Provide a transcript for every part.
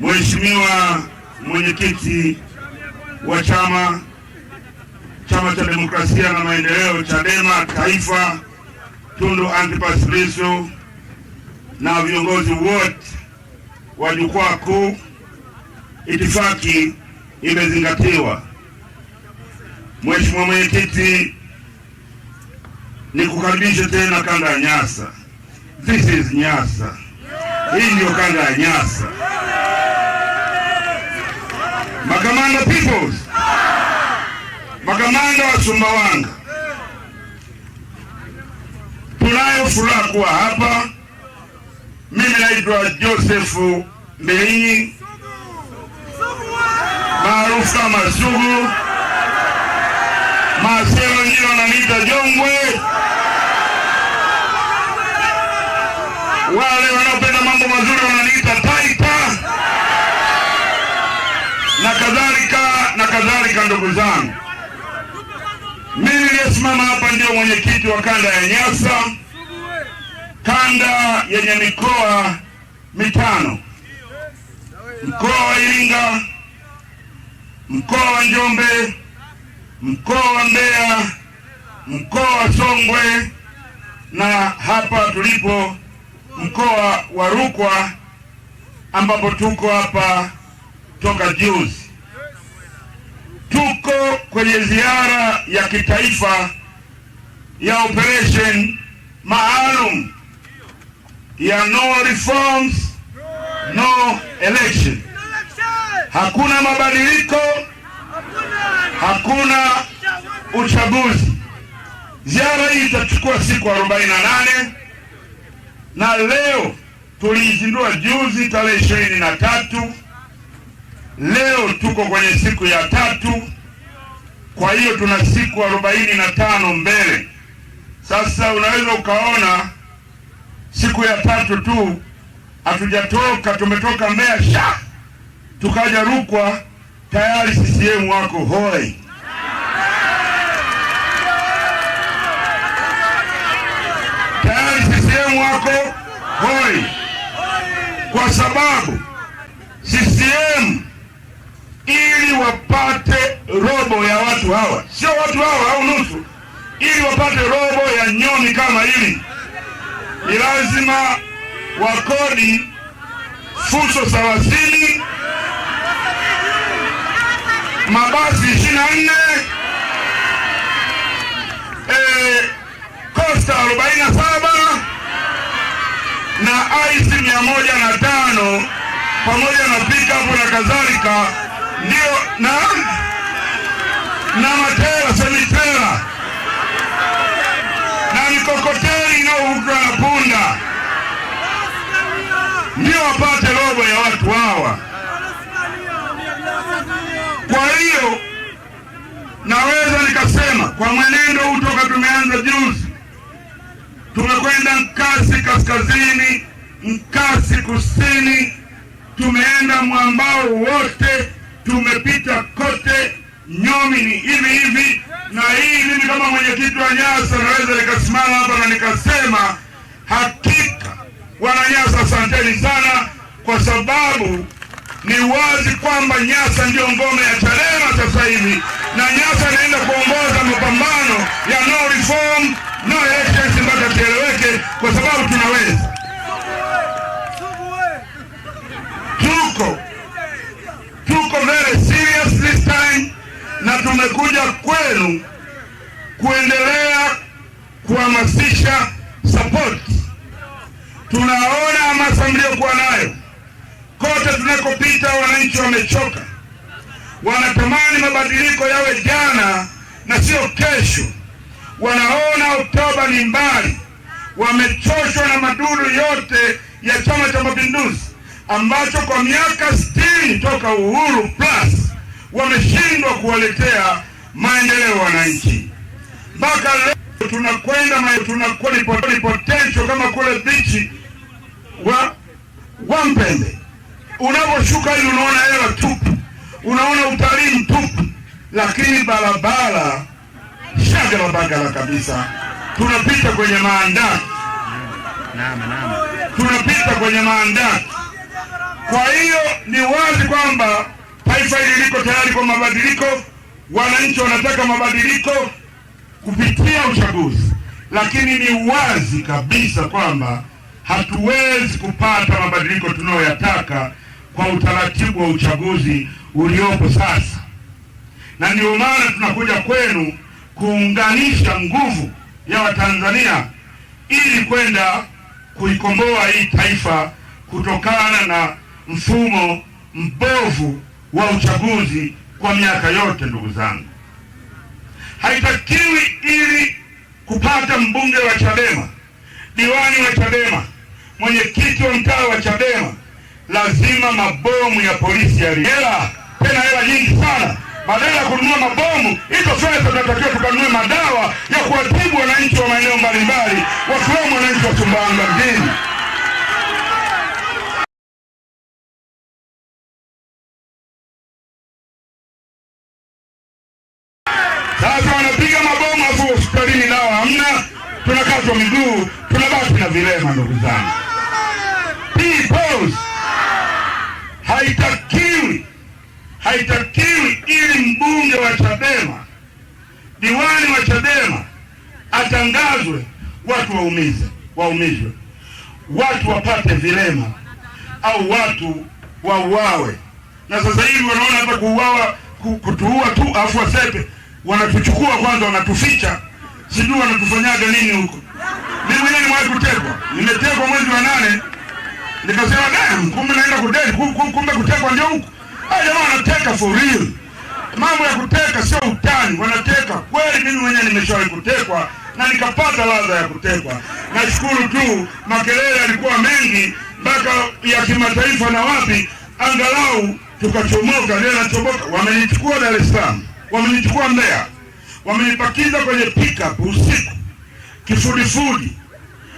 Mheshimiwa mwenyekiti wa chama chama cha demokrasia na maendeleo Chadema Taifa, Tundu Antipas Lissu na viongozi wote wa jukwaa kuu, itifaki imezingatiwa. Mheshimiwa mwenyekiti, nikukaribishe tena kanda ya Nyasa. This is Nyasa, hii ndiyo kanda ya Nyasa. Makamanda peoples, makamanda wa Sumbawanga, tunayo furaha kuwa hapa. Mimi naitwa Josefu Mbilinyi maarufu kama Sugu Maselo, wengine wananiita Jongwe. Wale wanaopenda mambo mazuri wananiita tai kadhalika na kadhalika. Ndugu zangu, mimi niliyesimama hapa ndio mwenyekiti wa kanda ya Nyasa, kanda yenye mikoa mitano: mkoa wa Iringa, mkoa wa Njombe, mkoa wa Mbeya, mkoa wa Songwe na hapa tulipo mkoa wa Rukwa ambapo tuko hapa toka juzi tuko kwenye ziara ya kitaifa ya operation maalum ya no reforms no election. Hakuna mabadiliko, hakuna uchaguzi. Ziara hii itachukua siku 48 na leo tuliizindua juzi tarehe ishirini na tatu Leo tuko kwenye siku ya tatu, kwa hiyo tuna siku arobaini na tano mbele. Sasa unaweza ukaona siku ya tatu tu hatujatoka, tumetoka Mbeya sha tukaja Rukwa tayari CCM wako hoi. Tayari CCM wako hoi, kwa sababu CCM ili wapate robo ya watu hawa, sio watu hawa au nusu, ili wapate robo ya nyoni kama hili, ni lazima wakodi fuso thelathini, mabasi ishirini na nne, e, kosta arobaini na saba na aisi mia moja na tano pamoja na pikapu na kadhalika ndio na na matela semitela na mikokoteni inayovutwa na punda ndio wapate robo ya watu hawa. Kwa hiyo naweza nikasema kwa mwenendo huu toka tumeanza juzi, tumekwenda Nkasi kaskazini, Nkasi kusini, tumeenda mwambao wote tumepita kote, nyomi ni hivi hivi. Na hii mimi kama mwenyekiti wa Nyasa naweza nikasimama hapa na nikasema hakika, wana nyasa asanteni sana, kwa sababu ni wazi kwamba Nyasa ndiyo ngome ya Chadema sasa hivi na Nyasa inaenda kuongoza wananchi wamechoka, wanatamani mabadiliko yawe jana na sio kesho. Wanaona Oktoba ni mbali, wamechoshwa na madudu yote ya Chama cha Mapinduzi ambacho kwa miaka sitini toka uhuru plus wameshindwa kuwaletea maendeleo wananchi. Mpaka leo tunakwenda ni potential kama kule bichi wa Wampembe Unaposhuka hivi unaona hela tupu, unaona utalii mtupu, lakini barabara shagala kabisa. Tunapita kwenye maandaki, tunapita kwenye maandaki. Kwa hiyo ni wazi kwamba taifa hili liko tayari kwa mabadiliko, wananchi wanataka mabadiliko kupitia uchaguzi, lakini ni wazi kabisa kwamba hatuwezi kupata mabadiliko tunayoyataka kwa utaratibu wa uchaguzi uliopo sasa, na ndio maana tunakuja kwenu kuunganisha nguvu ya Watanzania ili kwenda kuikomboa hii taifa kutokana na mfumo mbovu wa uchaguzi kwa miaka yote. Ndugu zangu, haitakiwi ili kupata mbunge wa Chadema, diwani wa Chadema, mwenyekiti wa mtaa wa Chadema lazima mabomu ya polisi yali hela tena hela nyingi sana. Badala ya kununua mabomu, hizo pesa tunatakiwa tukanunue madawa ya kuwatibu wananchi wa maeneo mbalimbali, wakiwemo wananchi wa Sumbawanga mjini. Sasa wanapiga mabomu afu hospitalini dawa hamna, tunakatwa miguu, tunabaki na vilema, ndugu zangu. haitakiwi, haitakiwi ili mbunge wa Chadema, diwani wa Chadema atangazwe, watu waumize, waumizwe, watu wapate vilema au watu wauawe. Na sasa hivi wanaona hapa kuuawa, kutuua tu afu wasepe, wanatuchukua kwanza, wanatuficha, sijui wanatufanyaga nini huko. Mimi mwenyewe nimewahi kutekwa, nimetekwa mwezi wa nane Nikasema damn, kumbe naenda kudeli, kumbe kutekwa ndio huko. Hao jamaa wanateka for real. Mambo ya kuteka sio utani, wanateka kweli. Mimi mwenyewe nimeshawahi kutekwa na nikapata ladha ya kutekwa. Nashukuru tu makelele yalikuwa mengi mpaka ya kimataifa na wapi, angalau tukachomoka. Leo nachomoka, wamenichukua Dar es Salaam, wamenichukua Mbeya, wamenipakiza kwenye pickup usiku kifudifudi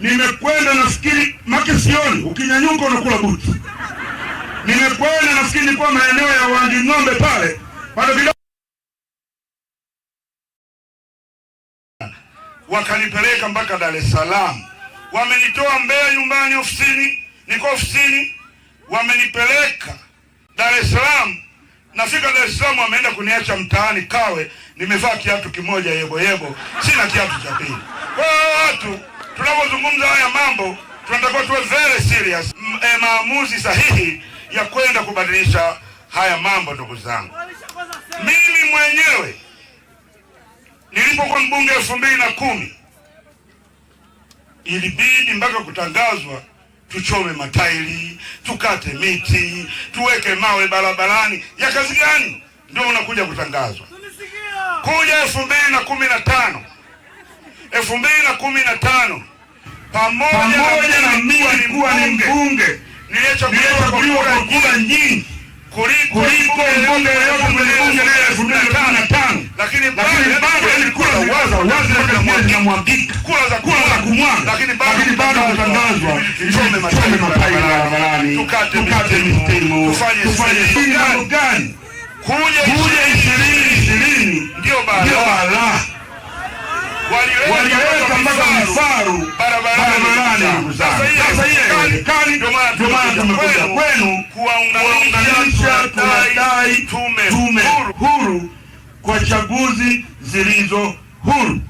nimekwenda nafikiri sioni ukinyanyuka unakula buti. Nimekwenda nafikiri nilikuwa maeneo ya wangi ng'ombe pale bado, wakanipeleka mpaka Dar es Salaam, wamenitoa Mbeya nyumbani, ofisini, niko ofisini, wamenipeleka Dar es Salaam. Nafika Dar es Salaam, wameenda kuniacha mtaani Kawe, nimevaa kiatu kimoja yeboyebo, sina kiatu cha pili. Kwa watu tunapozungumza haya mambo tunatakiwa tuwe very serious, e, maamuzi sahihi ya kwenda kubadilisha haya mambo. Ndugu zangu, mimi mwenyewe nilipokuwa mbunge elfu mbili na kumi ilibidi mpaka kutangazwa tuchome matairi, tukate miti, tuweke mawe barabarani. Ya kazi gani? Ndio unakuja kutangazwa kuja elfu mbili na kumi na tano elfu mbili na kumi na tano pamoja na mimi kuwa ni mbunge niliyechaguliwa kwa kura nyingi kuliko mbunge mwenye mlibunge naye elfu mbili na kumi na tano lakini bado ni kura yaani waza waza zinamwagika kura za kura za kumwaga, lakini bado kutangazwa chome ya barabarani, tukate mitemo, tufanye mambo gani? kuja ishirini ishirini ndio balaa waliweka mpaka mfaru barabarani. sasa hiyo kali, ndio maana tumekuja kwenu kuwaunganisha, tunadai tume huru kwa chaguzi zilizo huru,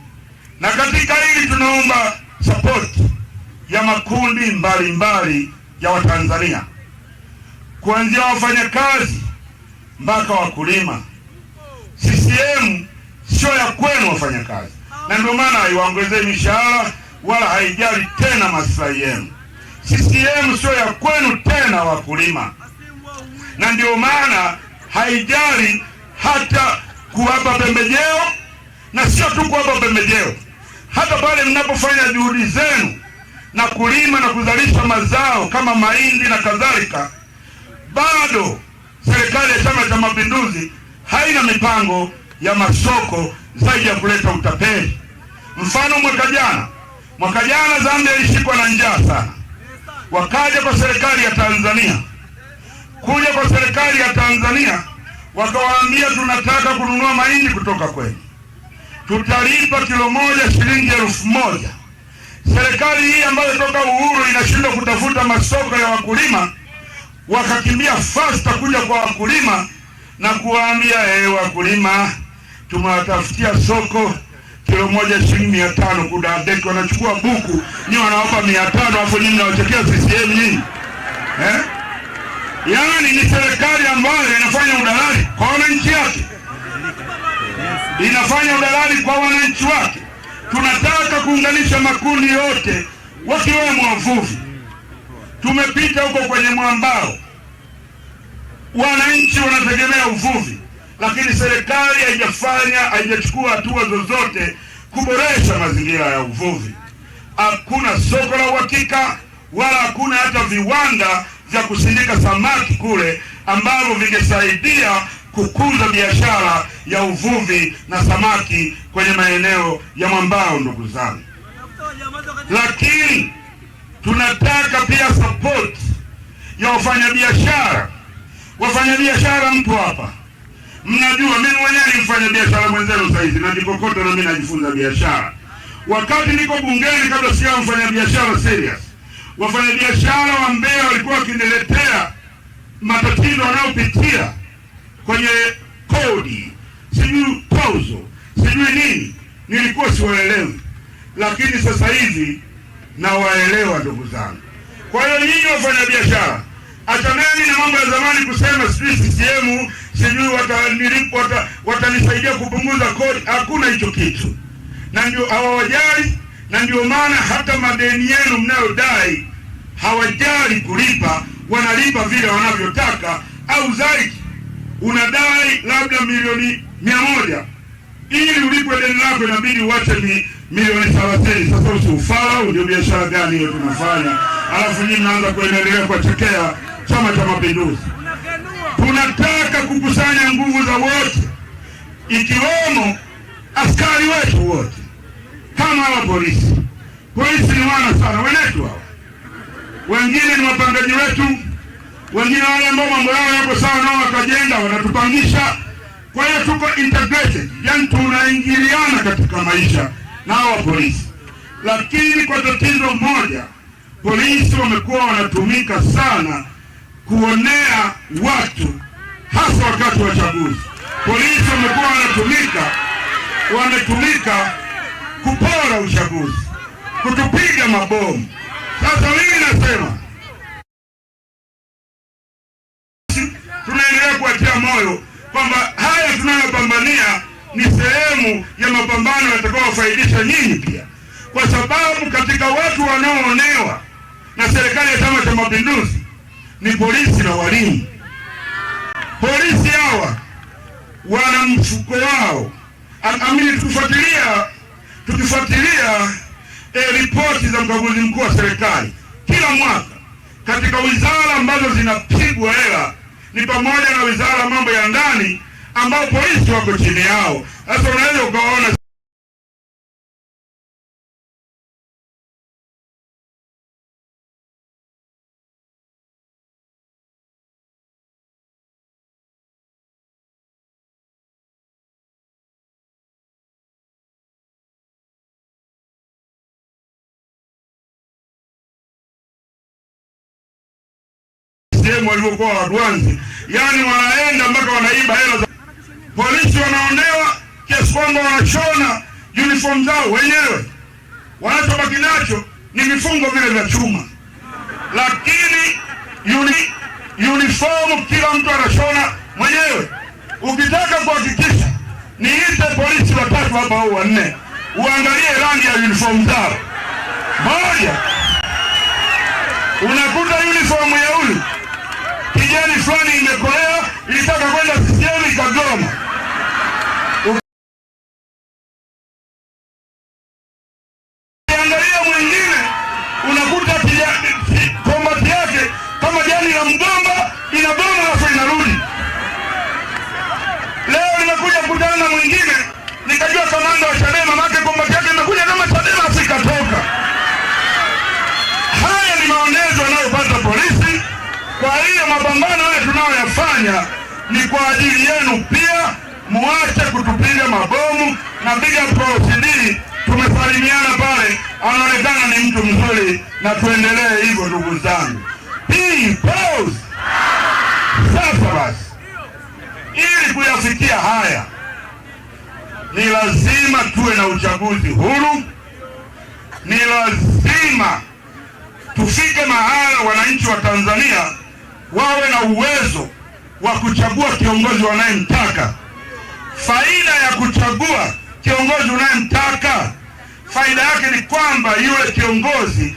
na katika hili tunaomba sapoti ya makundi mbalimbali mbali ya Watanzania kuanzia wafanyakazi mpaka wakulima. CCM sio ya kwenu wafanyakazi na ndio maana haiwaongezee mishahara wala haijali tena maslahi yenu. CCM sio ya kwenu tena, wakulima, na ndio maana haijali hata kuwapa pembejeo, na sio tu kuwapa pembejeo, hata pale mnapofanya juhudi zenu na kulima na kuzalisha mazao kama mahindi na kadhalika, bado serikali ya Chama cha Mapinduzi haina mipango ya masoko zaidi ya kuleta utapeli. Mfano, mwaka jana mwaka jana Zambia ilishikwa na njaa sana, wakaja kwa serikali ya Tanzania kuja kwa serikali ya Tanzania wakawaambia, tunataka kununua mahindi kutoka kwenu, tutalipa kilo moja shilingi elfu moja. Serikali hii ambayo toka uhuru inashindwa kutafuta masoko ya wakulima, wakakimbia fasta kuja kwa wakulima na kuwaambia, ee wakulima tumewatafutia soko kilo moja shilingi mia tano. Kudadeki wanachukua buku, ni wanawapa mia tano, hapo nyinyi mnawachekea CCM nyinyi eh? Yani ni serikali ambayo inafanya udalali kwa wananchi wake, inafanya udalali kwa wananchi wake. Tunataka kuunganisha makundi yote wakiwemo wavuvi. Tumepita huko kwenye mwambao, wananchi wanategemea uvuvi lakini serikali haijafanya haijachukua hatua zozote kuboresha mazingira ya uvuvi. Hakuna soko la uhakika wala hakuna hata viwanda vya kusindika samaki kule ambavyo vingesaidia kukuza biashara ya uvuvi na samaki kwenye maeneo ya mwambao, ndugu zangu. Lakini tunataka pia support ya wafanyabiashara. Wafanyabiashara mpo hapa Mnajua mimi mwenyewe ni mfanya biashara mwenzenu sasa hivi najikokota na mimi najifunza biashara. Wakati niko bungeni kabla sija mfanya biashara serious, wafanyabiashara wa Mbeya walikuwa wakiniletea matatizo wanayopitia kwenye kodi, sijui tozo, sijui nini, nilikuwa siwaelewi, lakini sasa hivi nawaelewa ndugu zangu. Kwa hiyo nyinyi biashara Atameni na mambo ya zamani kusema sijui CCM sijui watanisaidia wata, wata kupunguza kodi. Hakuna hicho kitu, na ndio hawawajali, na ndio maana hata madeni yenu mnayodai hawajali kulipa, wanalipa vile wanavyotaka au zaidi. Unadai labda milioni mia moja ili ulipwe deni lako inabidi uache mi, milioni thelathini. Sasa usiufala, ndio biashara gani hiyo tunafanya? Alafu nyinyi mnaanza kuendelea kwa chekea Chama cha Mapinduzi, tunataka kukusanya nguvu za wote, ikiwemo askari wetu wote, kama hawa polisi. Polisi ni wana sana wenetu hawa, wengine ni wapangaji wetu, wengine wale ambao mambo yao yako sawa nao wakajenga, wanatupangisha. Kwa hiyo tuko integrated, yani tunaingiliana katika maisha na hawa polisi, lakini kwa tatizo moja, polisi wamekuwa wanatumika sana kuonea watu, hasa wakati wa chaguzi. Polisi wamekuwa wanatumika, wametumika kupora uchaguzi, kutupiga mabomu. Sasa mimi nasema tunaendelea kuwatia moyo kwamba haya tunayopambania ni sehemu ya mapambano yatakayowafaidisha nyinyi pia, kwa sababu katika watu wanaoonewa na serikali ya Chama cha Mapinduzi ni polisi na walimu. Polisi hawa wana mfuko wao amini. Tukifuatilia tukifuatilia e, ripoti za mkaguzi mkuu wa serikali kila mwaka katika wizara ambazo zinapigwa hela ni pamoja na wizara ya mambo ya ndani, ambao polisi wako chini yao. Sasa unaweza ukaona CCM walivyokuwa wadwanzi, yaani wanaenda mpaka wanaiba hela za polisi, wanaonewa kiasi kwamba wanashona uniform zao wenyewe. Wanachobaki nacho ni vifungo vile vya chuma, lakini uni, uniform kila mtu anashona mwenyewe. Ukitaka kuhakikisha, niite polisi watatu hapa au wanne, uangalie rangi ya uniform zao. Moja, unakuta uniform ya huyu kijani fulani imekolea, ilitaka kwenda CCM Kagoma. mapambano haya tunayoyafanya ni kwa ajili yenu pia, muache kutupiga mabomu na Big Up Pro Tumesalimiana pale, anaonekana ni mtu mzuri, na tuendelee hivyo ndugu zangu. Sasa basi, ili kuyafikia haya ni lazima tuwe na uchaguzi huru, ni lazima tufike mahala wananchi wa Tanzania wawe na uwezo wa kuchagua kiongozi wanayemtaka. Faida ya kuchagua kiongozi unayemtaka, faida yake ni kwamba yule kiongozi